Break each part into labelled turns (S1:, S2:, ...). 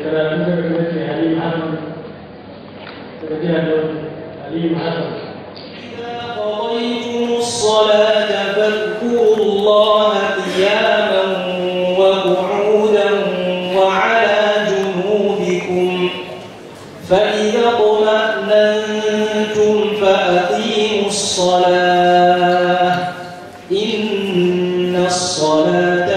S1: إذا قضيتم الصلاة فاذكروا الله قياما وقعودا وعلى جنوبكم فإذا فأقيموا الصلاة إن الصلاة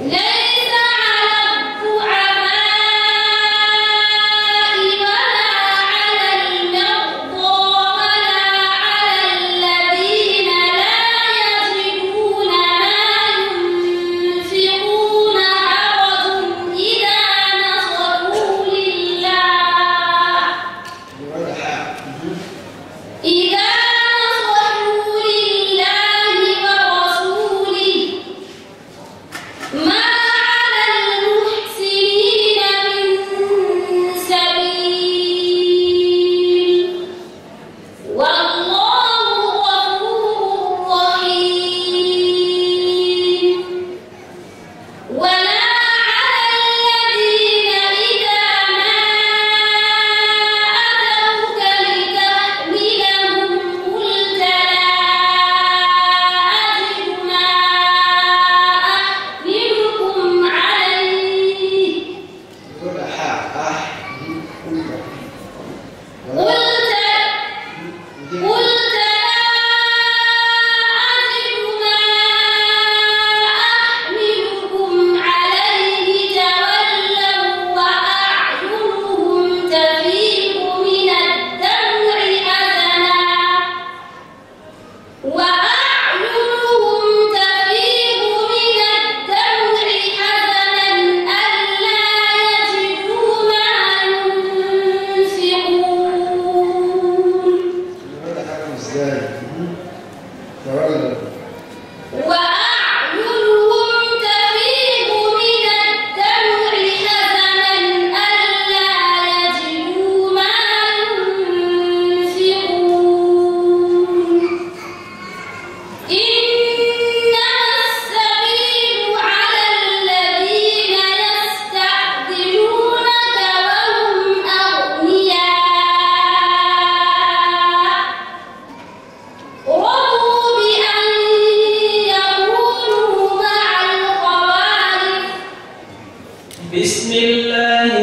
S1: لا بسم
S2: الله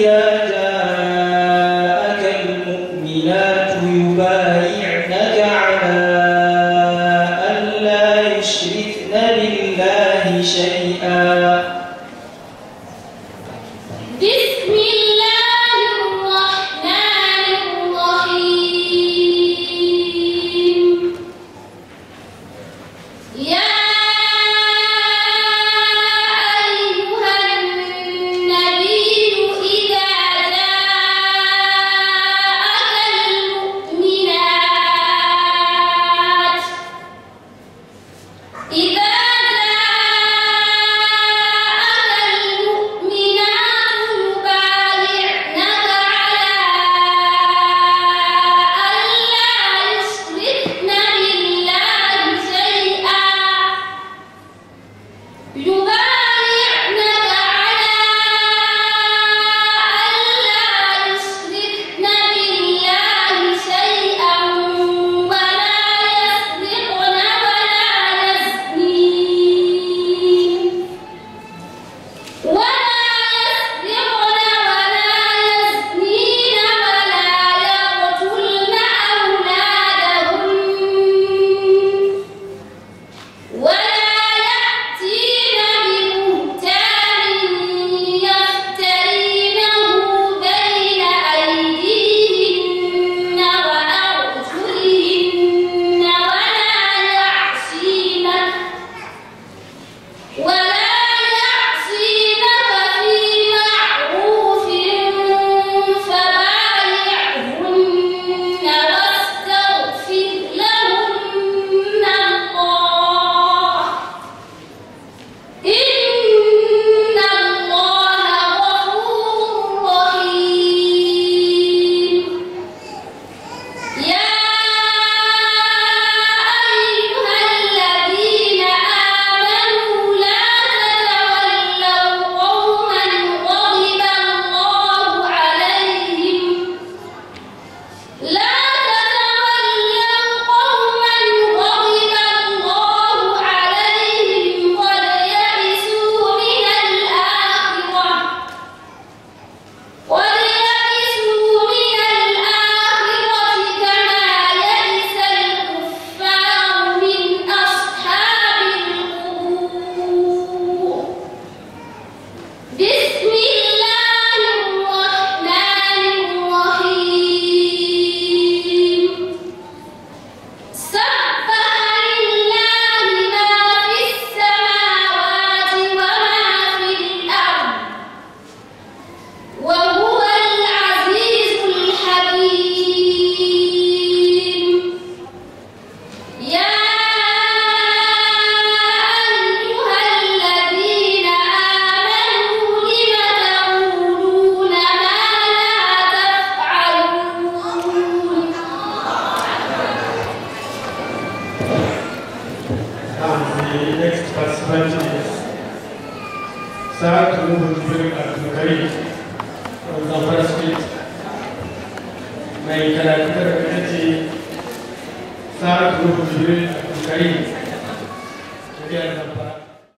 S2: إلى 比如 Love.